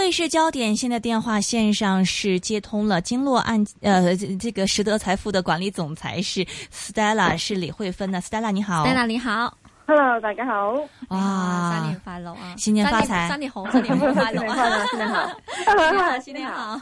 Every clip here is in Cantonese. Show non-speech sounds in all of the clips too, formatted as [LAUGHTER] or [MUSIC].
匯市焦點現在電話線上是接通了。經絡案，呃，這個實德財富的管理總裁是 Stella，是李慧芬的 Stella，你好，Stella 你好，Hello，大家好，哇，新年快樂啊，新年發財，新年紅，新年紅，新年紅，新年好，新年好，新年好。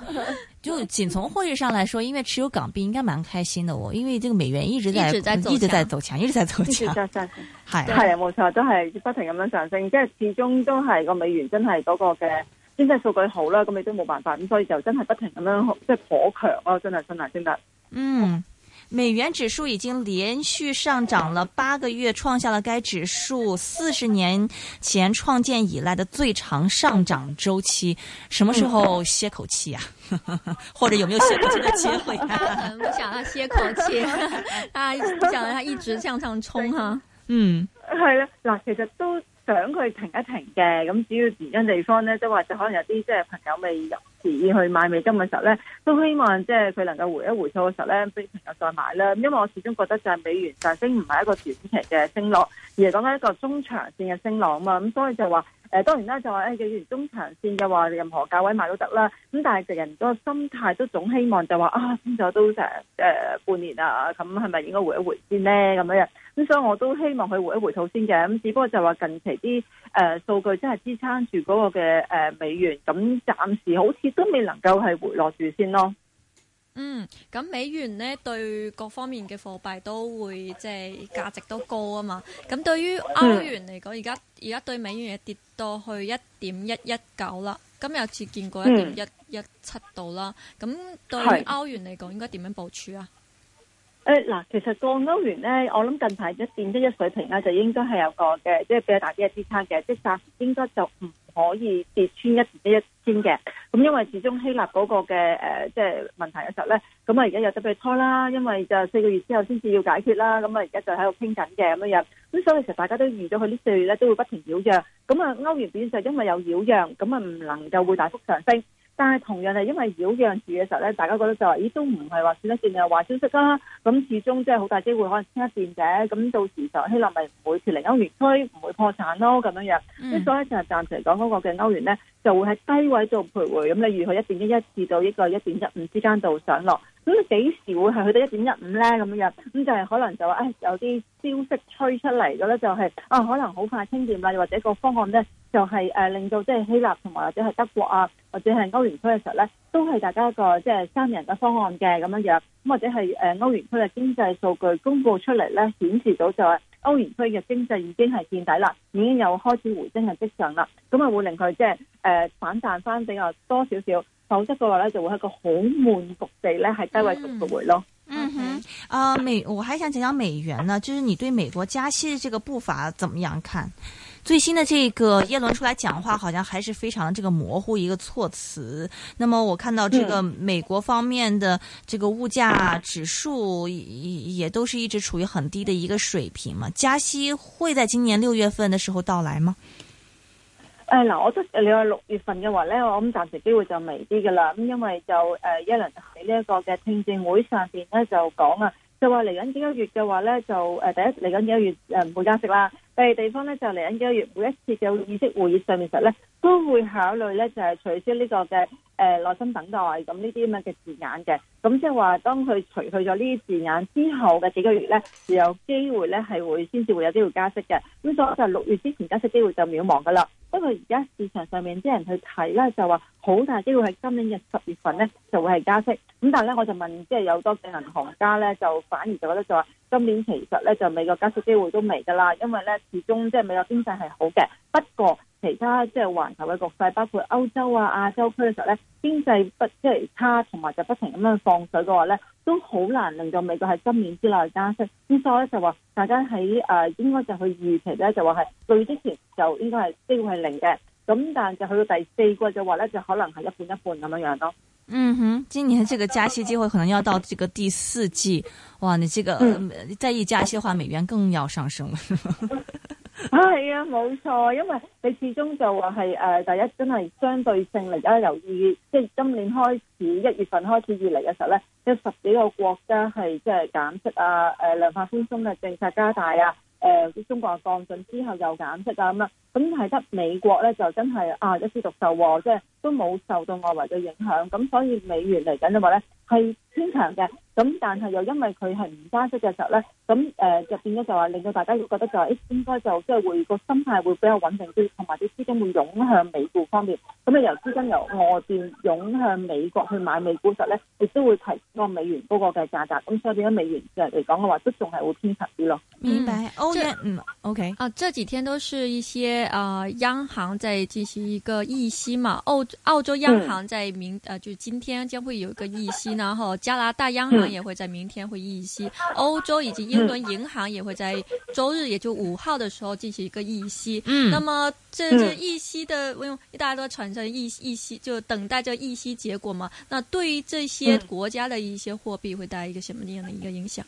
就僅從匯率上來說，因為持有港幣應該蠻開心的。我因為這個美元一直在一直在走強，一直在走強，是啊，是啊，係係啊，冇錯，都係不停咁樣上升，即係始終都係個美元真係嗰個嘅。經濟數據好啦，咁你都冇辦法，咁所以就真係不停咁樣即係頗強咯，真係真係真得。嗯，美元指數已經連續上漲了八個月，創下了該指數四十年前創建以來的最長上漲周期。什麼時候歇口氣啊？嗯、 [LAUGHS] 或者有沒有歇口氣的機會？我、啊嗯、想要歇口氣， [LAUGHS] 啊，我想要一直向上衝哈。對啊、嗯，係啦，嗱，其實都。想佢停一停嘅，咁只要原因地方咧，即或者可能有啲即係朋友未入市去買美金嘅時候咧，都希望即係佢能夠回一回數嘅時候咧，俾朋友再買啦。因為我始終覺得就係美元上升唔係一個短期嘅升落，而係講緊一個中長線嘅升落啊嘛，咁所以就話。誒、呃、當然啦，就話誒嘅中長線嘅話，任何價位買都得啦。咁但係就人個心態都總希望就話啊，升咗都成誒、呃、半年啊，咁係咪應該回一回先呢？咁樣？咁所以我都希望佢回一回套先嘅。咁只不過就話近期啲誒、呃、數據真係支撐住嗰個嘅誒、呃、美元，咁暫時好似都未能夠係回落住先咯。嗯，咁美元咧，對各方面嘅貨幣都會即係價值都高啊嘛。咁對於歐元嚟講，而家而家對美元嘅跌到去 1. 1一點一一九啦，咁有次見過一點一一七度啦。咁、嗯、對於歐元嚟講，應該點樣部署啊？誒、嗯，嗱，其實個歐元咧，我諗近排一點一一水平咧就應該係有個嘅，即係比較大啲嘅支撐嘅，即係暫時應該就唔可以跌穿一點一一。先嘅，咁因為始終希臘嗰個嘅誒，即係問題嘅時候咧，咁啊而家有特別拖啦，因為就四個月之後先至要解決啦，咁啊而家就喺度傾緊嘅咁樣，咁所以其實大家都預咗佢呢四月咧都會不停擾攘，咁啊歐元貶勢因為有擾攘，咁啊唔能夠會大幅上升。但係同樣係因為繞呢樣事嘅時候咧，大家覺得就話，咦都唔係話算得算，又壞消息啦。咁始終即係好大機會可能清一變嘅，咁到時就希臘咪唔會脫離歐元區，唔會破產咯咁樣樣。咁所以就暫時嚟講，嗰個嘅歐元咧就會喺低位度徘徊。咁你預佢一點一一至到一個一點一五之間度上落。咁你幾時會係去到一點一五咧？咁樣樣，咁就係可能就話誒有啲消息吹出嚟嘅咧，就係、是、啊可能好快清掂啦，又或者個方案咧就係、是呃、令到即係希臘同埋或者係德國啊，或者係歐元區嘅時候咧，都係大家一個即係、就是、三人嘅方案嘅咁樣樣。咁或者係誒歐元區嘅經濟數據公布出嚟咧，顯示到就係歐元區嘅經濟已經係見底啦，已經有開始回升係跡象啦。咁啊會令佢即係反彈翻比較多少少。否則嘅話咧，就會係一個好悶局地咧，係低位續聚會咯。嗯哼，啊、呃、美，我還想講講美元呢、啊，就是你對美國加息嘅這個步伐怎麼樣看？最新的這個耶倫出來講話，好像還是非常這個模糊一個措辭。那麼我看到這個美國方面的這個物價指數，也也都是一直處於很低的一個水平嘛。加息會在今年六月份的時候到來嗎？誒，嗱、哎，我都你話六月份嘅話咧，我諗暫時機會就微啲噶啦，咁因為就耶倫喺呢一個嘅聽證會上邊咧，就講啊，就話嚟緊幾個月嘅話咧，就誒第一嚟緊幾個月誒唔會加息啦，第二地方咧就嚟緊幾個月每一次嘅議息會議會上面，其實咧都會考慮咧就係取消呢個嘅。誒，耐心等待咁呢啲咁嘅字眼嘅，咁即係話當佢除去咗呢啲字眼之後嘅幾個月咧，就有機會咧係會先至會有機會加息嘅。咁所以就六月之前加息機會就渺茫噶啦。不過而家市場上面啲人去睇咧，就話好大機會係今年嘅十月份咧就會係加息。咁但係咧我就問，即係有多嘅銀行家咧就反而就覺得就話今年其實咧就美國加息機會都未噶啦，因為咧始終即係美國經濟係好嘅，不過。其他即係環球嘅局勢，包括歐洲啊、亞洲區嘅時候咧，經濟不即係差，同埋就不停咁樣放水嘅話咧，都好難令到美國喺今年之內加息。咁所以咧就話，大家喺誒、呃、應該就去預期咧，就話係最之前就應該係機會係零嘅。咁但係就去到第四季嘅話咧，就可能係一半一半咁樣樣、哦、咯。嗯哼，今年這個加息機會可能要到呢個第四季。哇，你呢、這個再、嗯、一加息嘅話，美元更要上升。 [LAUGHS] 係 [LAUGHS] 啊，冇錯，因為你始終就話係誒，第一真係相對性嚟，而家由二月即係今年開始一月份開始以嚟嘅時候咧，有十幾個國家係即係減息啊，誒量化寬鬆嘅政策加大啊，誒，中國降準之後又減息啊咁啦，咁係得美國咧就真係啊一枝獨秀喎，即係都冇受到外圍嘅影響，咁所以美元嚟緊嘅話咧係偏強嘅。咁但係又因為佢係唔加息嘅時候咧，咁誒入邊咧就話令到大家會覺得就係、是、誒應該就即係會、這個心態會比較穩定啲，同埋啲資金會湧向美股方面。咁、嗯、啊由資金由外邊湧向美國去買美股時候咧，亦都會提升美元嗰個嘅價格。咁、嗯、所以點解美元即嚟講嘅話都仲係會偏實啲咯。明白。O 一五。O K 啊，這幾天都是一些啊、呃、央行在進行一個議息嘛。澳澳洲央行在明啊、嗯、就今天將會有一個議息，然後加拿大央行、嗯。也會在明天會議息，歐洲以及英倫銀行也會在周日，也就五號的時候進行一個議息。嗯，那麼這這議息的，我用大家都產生議議息，就等待着議息結果嘛。那對於這些國家的一些貨幣，會帶來一個什麼樣的一個影響？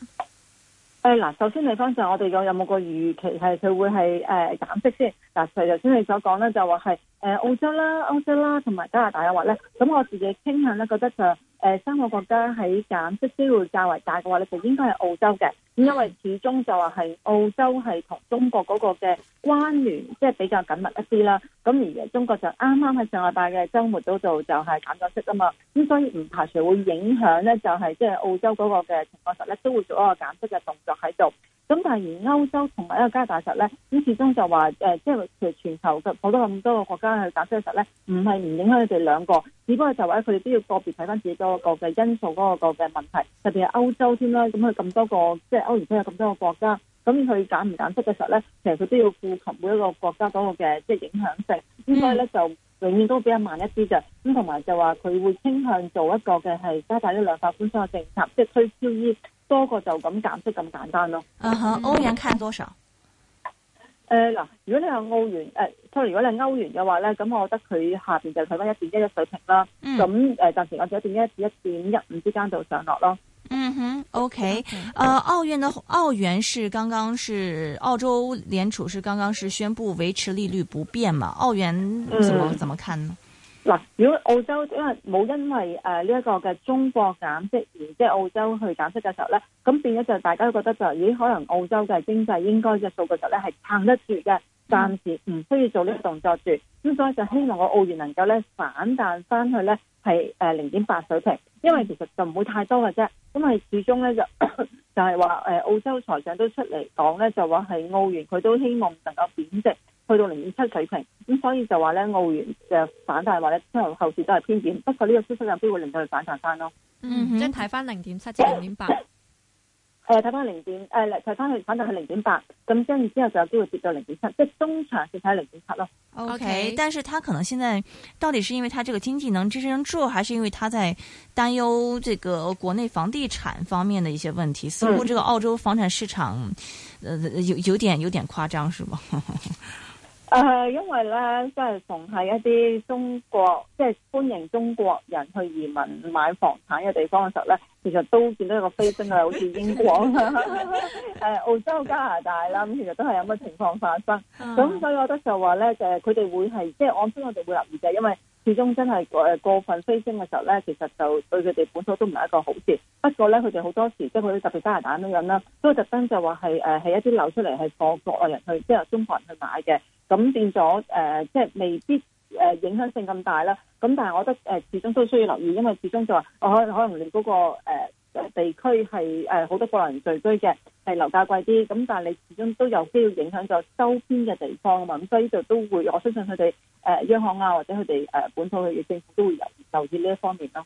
哎嗱、嗯嗯嗯嗯，首先你方向我哋有有冇個預期係佢會係誒、呃、減息先？嗱、啊，就頭先你所講咧，就話係誒澳洲啦、歐洲啦，同埋加拿大嘅話咧，咁我自己傾向咧，覺得就誒、呃、三個國家喺減息機會較為大嘅話咧，就應該係澳洲嘅。咁因為始終就話係澳洲係同中國嗰個嘅關聯，即、就、係、是、比較緊密一啲啦。咁而中國就啱啱喺上個禮拜嘅周末嗰度就係減咗息啊嘛。咁所以唔排除會影響咧，就係即係澳洲嗰個嘅情況下咧，都會做一個減息嘅動作喺度。咁但係而歐洲同埋一個加拿大實咧，咁始終就話誒，即係其實全球嘅好多咁多個國家去減息嘅時咧，唔係唔影響佢哋兩個，只不過就話佢哋都要個別睇翻自己嗰個嘅因素嗰個嘅問題，特別係歐洲添啦。咁佢咁多個即係歐元區有咁多個國家，咁佢減唔減息嘅時呢，咧，其實佢都要顧及每一個國家嗰個嘅即係影響性。應該呢，咧就永遠都比較慢一啲嘅。咁同埋就話佢會傾向做一個嘅係加大呢量化寬鬆嘅政策，即係推銷多過就咁減息咁簡單咯。嗯哈、uh，huh, 歐元看多少？誒嗱、呃，如果你係澳元誒、呃，如果你歐元嘅話咧，咁我覺得佢下邊就睇翻一點一一水平啦。咁誒、嗯，暫時我睇一點一至一點一五之間就上落咯。嗯哼，OK。誒，澳元咧，澳元是剛剛是澳洲聯儲是剛剛是宣布維持利率不變嘛？澳元怎麼、嗯、怎麼看呢？嗱，如果澳洲沒有因為冇因為誒呢一個嘅中國減息而即係澳洲去減息嘅時候咧，咁變咗就大家都覺得就咦，可能澳洲嘅經濟應該嘅數據就咧係撐得住嘅，暫時唔需要做呢個動作住。咁所以就希望個澳元能夠咧反彈翻去咧係誒零點八水平，因為其實就唔會太多嘅啫，因為始終咧就就係話誒澳洲財長都出嚟講咧，就話係澳元佢都希望能夠貶值。去到零點七水平，咁、嗯、所以就話咧澳元就反彈，或者後，後市都係偏軟。不過呢個消息有機會令到佢反彈翻咯。嗯哼，睇翻零點七，至零點八。誒，睇翻零點，誒、呃，睇翻佢反彈係零點八，咁跟住之後就有機會跌到零點七，即係中長線睇零點七咯。O K，但是他可能現在到底是因為他這個經濟能支撐住，還是因為他在擔憂這個國內房地產方面的一些問題？嗯、似乎這個澳洲房產市場，呃、有有點有點誇張，是嗎？ [LAUGHS] 誒、呃，因為咧，即係同係一啲中國，即、就、係、是、歡迎中國人去移民買房產嘅地方嘅時候咧，其實都見到一個飛升啊， [LAUGHS] 好似英國誒， [LAUGHS] [LAUGHS] 澳洲、加拿大啦，咁其實都係有乜情況發生，咁、嗯、所以我覺得就話咧，就係佢哋會係，即、就、係、是、我本身我哋會留意嘅，因為。始終真係誒過分飛升嘅時候咧，其實就對佢哋本土都唔係一個好事。不過咧，佢哋好多時即係佢特別加拿大咁樣啦，都特登就話係誒係一啲流出嚟係放國外人去，即係中國人去買嘅，咁變咗誒即係未必誒影響性咁大啦。咁但係我覺得誒始終都需要留意，因為始終就話我可可能你嗰個誒地區係誒好多國人聚居嘅。係樓價貴啲，咁但係你始終都有機會影響咗周邊嘅地方啊嘛，咁所以呢度都會，我相信佢哋誒央行啊，或者佢哋誒本土嘅政府都會有留意呢一方面咯。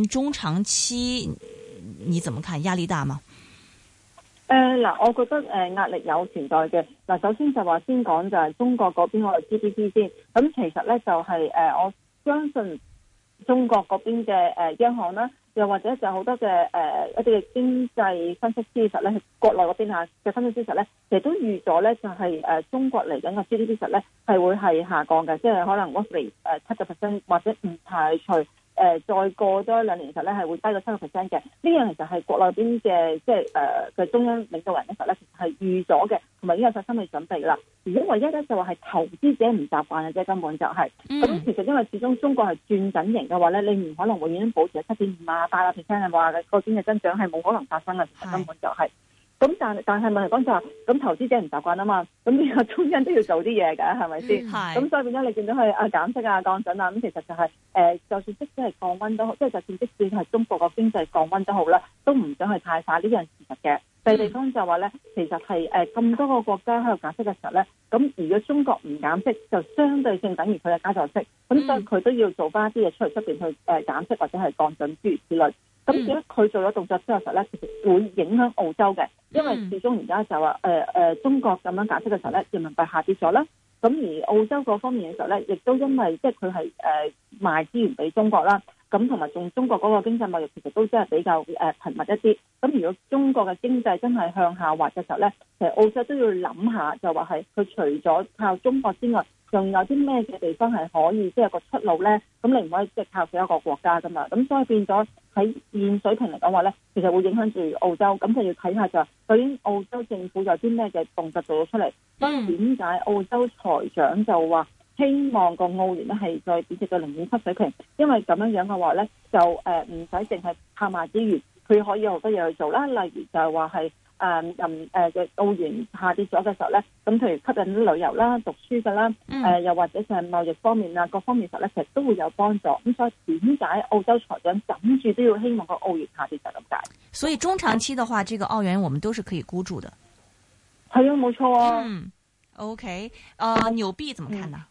中長期，你怎麼看？壓力大嗎？誒嗱、呃，我覺得誒、呃、壓力有存在嘅。嗱、呃，首先就話先講就係中國嗰邊個 GDP 先。咁、嗯、其實咧就係、是、誒、呃、我相信中國嗰邊嘅誒央行啦，又或者就好多嘅誒、呃、一啲經濟分析資料咧，國內嗰邊吓嘅分析資料咧，其實都預咗咧就係、是、誒、呃、中國嚟緊嘅 GDP 實咧係會係下降嘅，即係可能 whatley 誒七個 percent 或者唔排除。誒、呃、再過多兩年時候咧，係會低到七個 percent 嘅。呢樣其實係國內邊嘅，即係誒嘅中央領導人嘅時候咧，其實咧係預咗嘅，同埋已經有曬心理準備啦。如果唯一咧就話、是、係投資者唔習慣嘅啫，根本就係、是。咁其實因為始終中國係轉緊型嘅話咧，你唔可能永遠都保持喺七點五啊，八個 percent 嘅個經濟增長係冇可能發生嘅，其實根本就係、是。咁但但係問題講就係，咁投資者唔習慣啊嘛，咁呢個中央都要做啲嘢㗎，係咪先？咁、嗯、所以變咗你見到佢啊減息啊降準啊，咁、啊、其實就係、是、誒、呃，就算即使係降溫都好，即係就算即使係中國個經濟降溫都好啦，都唔想去太快呢樣事實嘅。第二地方就話咧，其實係誒咁多個國家喺度減息嘅時候咧，咁如果中國唔減息，就相對性等於佢係加就息，咁所以佢都要做翻一啲嘢出嚟，出面去誒減息或者係降準諸如此類。咁樣佢做咗動作之後嘅時候咧，其實會影響澳洲嘅，因為始終而家就話誒誒中國咁樣減息嘅時候咧，人民幣下跌咗啦。咁而澳洲嗰方面嘅時候咧，亦都因為即係佢係誒賣資源俾中國啦，咁同埋仲中國嗰個經濟貿易其實都真係比較誒、呃、頻密一啲。咁如果中國嘅經濟真係向下滑嘅時候咧，其實澳洲都要諗下，就話係佢除咗靠中國之外，仲有啲咩嘅地方係可以即係、就是、個出路咧？咁你唔可以即係、就是、靠佢一個國家噶嘛？咁所以變咗。喺現水平嚟講話咧，其實會影響住澳洲，咁佢要睇下就，究竟澳洲政府有啲咩嘅動作做咗出嚟？點解、嗯、澳洲財長就話希望個澳元咧係再貶值到零點七水平？因為咁樣樣嘅話咧，就誒唔使淨係靠賣資源，佢可以有好多嘢去做啦，例如就係話係。誒，人誒嘅澳元下跌咗嘅時候咧，咁譬如吸引啲旅遊啦、讀書噶啦，誒、嗯呃、又或者係貿易方面啊，各方面時候咧，其實都會有幫助。咁所以點解澳洲財長諗住都要希望個澳元下跌就咁解？所以中長期嘅話，這個澳元我們都是可以沽住嘅，係啊，冇、嗯、錯啊。嗯。O K，啊，紐、呃、幣怎麼看呢？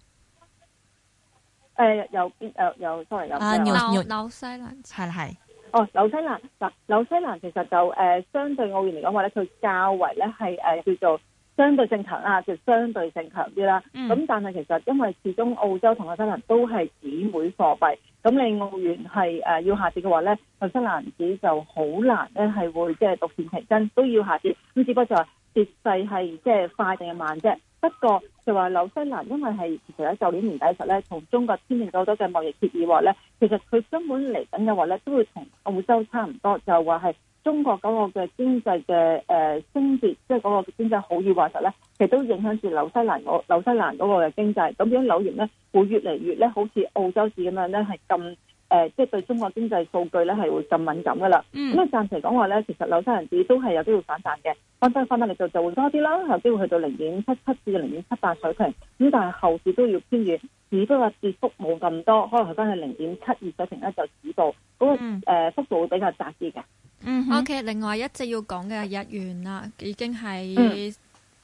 誒、嗯，紐幣誒，sorry 又紐西蘭係係。哦，紐西蘭嗱，紐西蘭其實就誒、呃、相對澳元嚟講話咧，佢較為咧係誒叫做相對性強啦，就相對性強啲啦。咁、嗯、但係其實因為始終澳洲同紐西蘭都係姊妹貨幣，咁你澳元係誒要下跌嘅話咧，紐西蘭紙就好難咧係會即係獨善其身，都要下跌。咁只不過就係跌勢係即係快定係慢啫。不過就話紐西蘭，因為係其實喺舊年年底時候呢，同中國簽訂咗好多嘅貿易協議話呢，其實佢根本嚟緊嘅話呢，都會同澳洲差唔多，就話係中國嗰個嘅經濟嘅誒升跌，即係嗰個經濟好易話實呢，其實都影響住紐西蘭我紐西蘭嗰個嘅經濟。咁樣紐元呢會越嚟越呢，好似澳洲紙咁樣呢，係咁。誒、呃，即係對中國經濟數據咧係會更敏感噶啦。咁啊、嗯、暫時講話咧，其實紐西蘭紙都係有機會反彈嘅，翻翻翻翻力度就會多啲啦，有機會去到零點七七至零點七八水平。咁、嗯、但係後市都要偏軟，只不過跌幅冇咁多，可能係翻去零點七二水平咧就止步。誒、那個，幅、嗯呃、度會比較窄啲嘅。嗯哼。O、okay, K，另外一直要講嘅日元啦，已經係誒、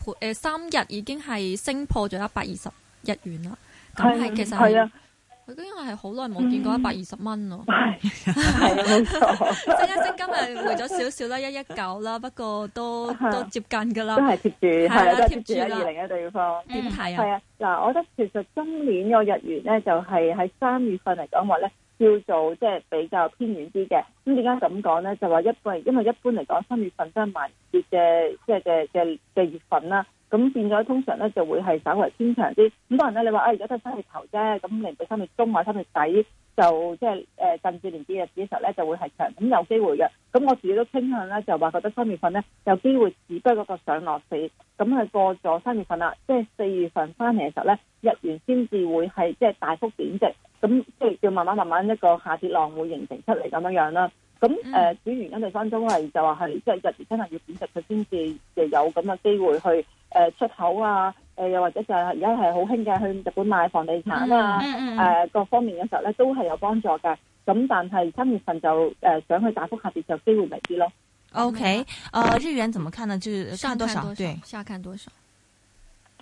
嗯呃、三日已經係升破咗一百二十日元啦。係。係啊。佢因為係好耐冇見過一百二十蚊咯，係係冇錯，即係積今日回咗少少啦，一一九啦，不過都都接近㗎啦，都係貼住，係啦貼住喺二零嘅地方點睇啊？嗱，我覺得其實今年個日元咧，就係喺三月份嚟講話咧，叫做即係比較偏遠啲嘅。咁點解咁講咧？就話一般，因為一般嚟講，三月份都係賣跌嘅，即係嘅嘅嘅月份啦。咁變咗通常咧就會係稍為偏強啲，咁多人呢，你話啊、哎、而家都係三月頭啫，咁嚟到三月中或三月底就即係近住年啲日子嘅時候咧就會係強咁有機會嘅。咁我自己都傾向咧就話覺得三月份咧有機會，只不過個上落市咁係過咗三月份啦，即係四月份翻嚟嘅時候咧，日元先至會係即係大幅貶值，咁即係要慢慢慢慢一個下跌浪會形成出嚟咁樣樣啦。咁誒，主要原因就係翻中係就話係即係日元真係要貶值，佢先至亦有咁嘅機會去誒、呃、出口啊，誒、呃、又或者就係而家係好興嘅去日本買房地產啊，誒、嗯嗯嗯呃、各方面嘅時候咧都係有幫助嘅。咁但係三月份就誒、呃、想去大幅下跌就機會微啲咯。OK，誒、呃，日元怎麼看呢？就下多少？對，下看多少？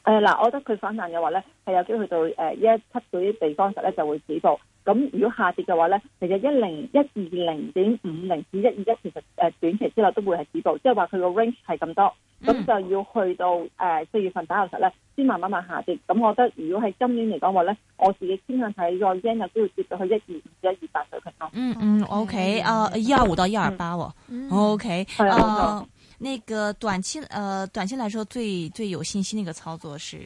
誒嗱、呃，我覺得佢反彈嘅話咧，係有機會去到誒一、呃、七到一八方時候咧就會止步。咁如果下跌嘅話咧，其實一零一二零點五零至一二一其實誒短期之內都會係止步，即係話佢個 range 係咁多，咁就要去到誒四月份打後實咧，先慢慢慢下跌。咁我覺得如果係今年嚟講話咧，我自己傾向睇再升，有機會跌到去一二五一二八水平咯。嗯 okay，嗯，OK 啊，一二五到一二八喎，OK。誒，呢個短期誒、uh, 短期來說最最有信心呢一個操作是。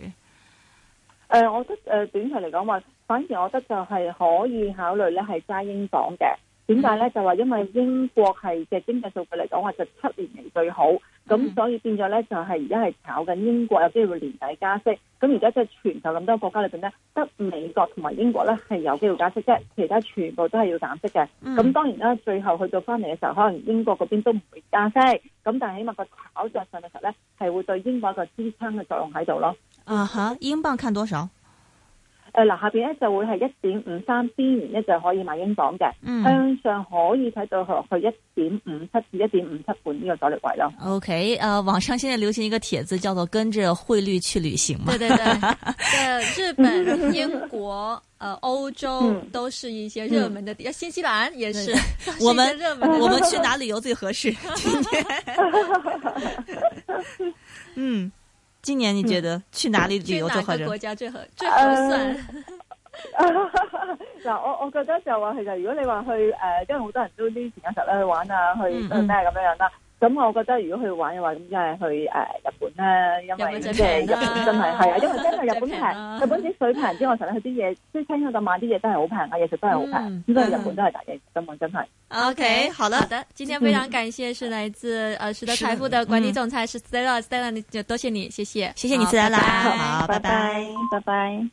誒、呃，我覺得誒，短期嚟講話，反而我覺得就係可以考慮咧，係揸英鎊嘅。點解咧？就話因為英國係嘅經濟數據嚟講，話就七年嚟最好，咁、嗯、所以變咗咧，就係而家係炒緊英國有機會年底加息。咁而家即係全球咁多個國家裏邊咧，得美國同埋英國咧係有機會加息啫，其他全部都係要減息嘅。咁、嗯、當然啦，最後去到翻嚟嘅時候，可能英國嗰邊都唔會加息。咁但係起碼個炒作上嘅時候咧，係會對英國一個支撐嘅作用喺度咯。啊哈，英鎊看多少？誒、呃，嗱下邊呢就會是一點五三邊緣呢，就可以買英鎊嘅。嗯，向上可以睇到去去一點五七至一點五七半呢個阻力位咯。OK，呃，網上現在流行一個帖子叫做“跟着匯率去旅行”嘛。對對對，呃， [LAUGHS] 日本、英國、呃，歐洲都是一些熱門的、嗯、新西蘭也是。我們、嗯、熱門，我們去哪旅遊最合適？今天。嗯。今年你覺得去哪裏旅遊最好？嗯、去國家最好最合算？嗱、呃 [LAUGHS] 啊，我我覺得就話、啊、其實如果你話去誒、呃，因為好多人都呢段時間實咧去玩啊，去咩咁樣樣啦。嗯嗯嗯咁我覺得如果去玩嘅話，咁就係去誒日本啦，因為即係日本真係係啊，因為真係日本平，日本啲水平之外，實咧佢啲嘢，即係聽佢度買啲嘢都係好平啊，嘢食都係好平，應該日本都係大嘅，咁我真係。OK，好啦，好的，今天非常感謝是來自啊實德財富的管理總裁是 Stella，Stella，多謝你，謝謝，謝謝你，Stella，好，拜拜，拜拜。